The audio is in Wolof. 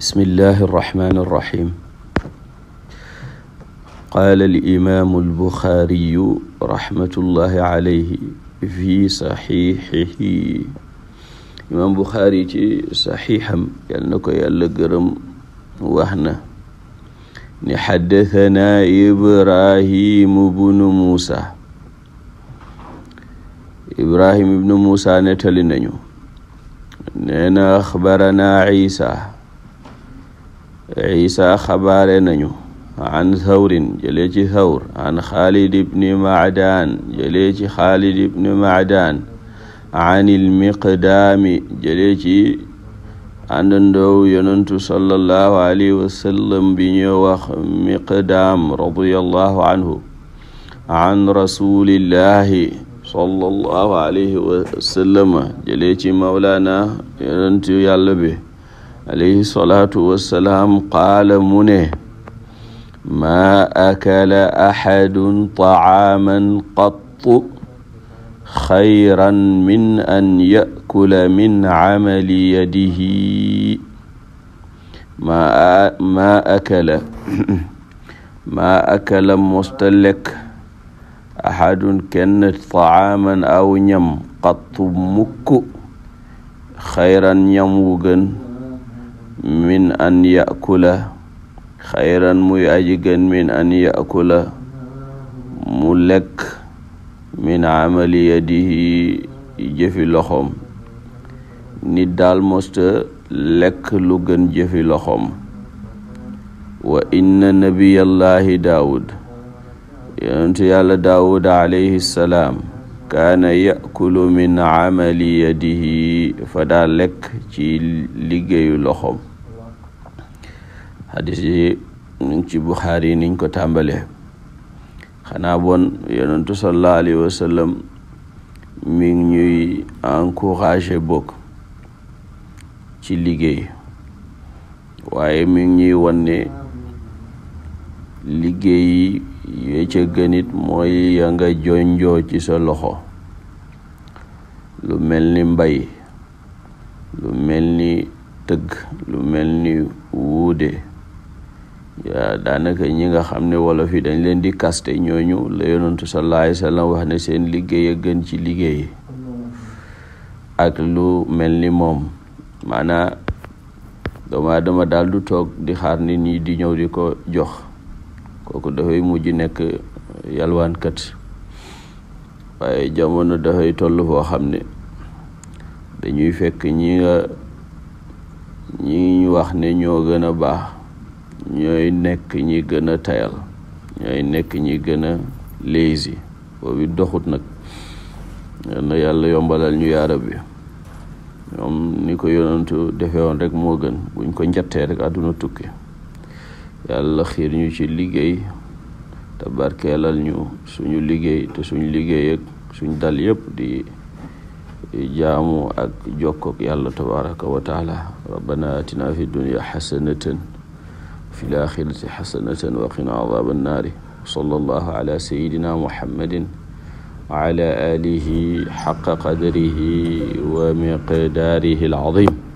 bismillahi irrahmani irrahim qaala alimaamu albuxaariyu rahmatullahi alayhi fi saxiixihi imaam buxaari ci saxiixam yal na ko yàlla gërëm wax na ni xaddatanaa ibrahimu bnu muusa ibrahim ibnu muusa nettali nañu nee na axbaranaa isa isa xabaare nañu an thawrin jëlee ci thawr an xaalid ibni maadaan jëlee ci xaalid ibni maadaan an ilmiqdaami jëlee ci àndandoow yonentu sallallahu alayhi wasallam bi ñu wax miqdaam radiallahu anhu an rasulillahi sallallahu alayhi wasallama jëlee ci mawlaana yonentu yàlla bi alayhi salaatu wassalaam qaala mu ne maa akala axadun tacaaman qattu xayran min an yakula min camali yadihi maa maa akala maa akala mosta lekk axadun kenn tacaaman aw ñam qattu mukk xayran ñam wu gën min an yakula xayran muy aji min an yakula mu lekk min amali yadihi jëfi loxoom nit daal mosta lekk lu gën jëfi loxoom wa inna nabiyallahi daawud yonentu yàlla daawud alayhi salaam kaana yakulu min amali yadihi fa daa lekk ci liggéeyu loxoom xadis yi ñu ci buxaari niñ ko tàmbalee xanaa bon yonentu sallallahu alayhi wa mi ñuy encouragé bokk ci liggéey waaye mi ngi ñuy wan liggéey yee ca gënit mooy ya nga jonjoo ci sa loxo lu mel ni mbay lu mel ni tëgg lu mel ni wuude daanaka ñi nga xam ne wolof yi dañ leen di kaste ñooñu la yonantu sallallahu alayhi wasallam wax ne seen liggéey a gën ci liggéey ak lu mel ni moom maanaa doomu daal du toog di xaar nit ñi di ñëw di ko jox kooku dafay mujj nekk yalwaankat waaye jamono dafay toll foo xam ne dañuy fekk ñi nga ñi ñu wax ne ñoo gën a baax ñooy nekk ñi gën a tayal ñooy nekk ñi gën a lazy boobu doxut nag na yàlla yombalal ñu yaarab bi ñoom ni ko yonantu defee rek moo gën buñ ko njattee rek àdduna tukki yàlla xiir ñu ci liggéey te barkeelal ñu suñu liggéey te suñu liggéey ak suñ dal yépp di jaamu ak jokkook yàlla tabaraka wa rabbana atina fi dunya xasanatan fi laaxirati xasanatan wa qina adaaba annaari wa salla allahu ala sayidina muhammadin wa ala alihi xaqa qadrihi wa miqdaarihi al-aziim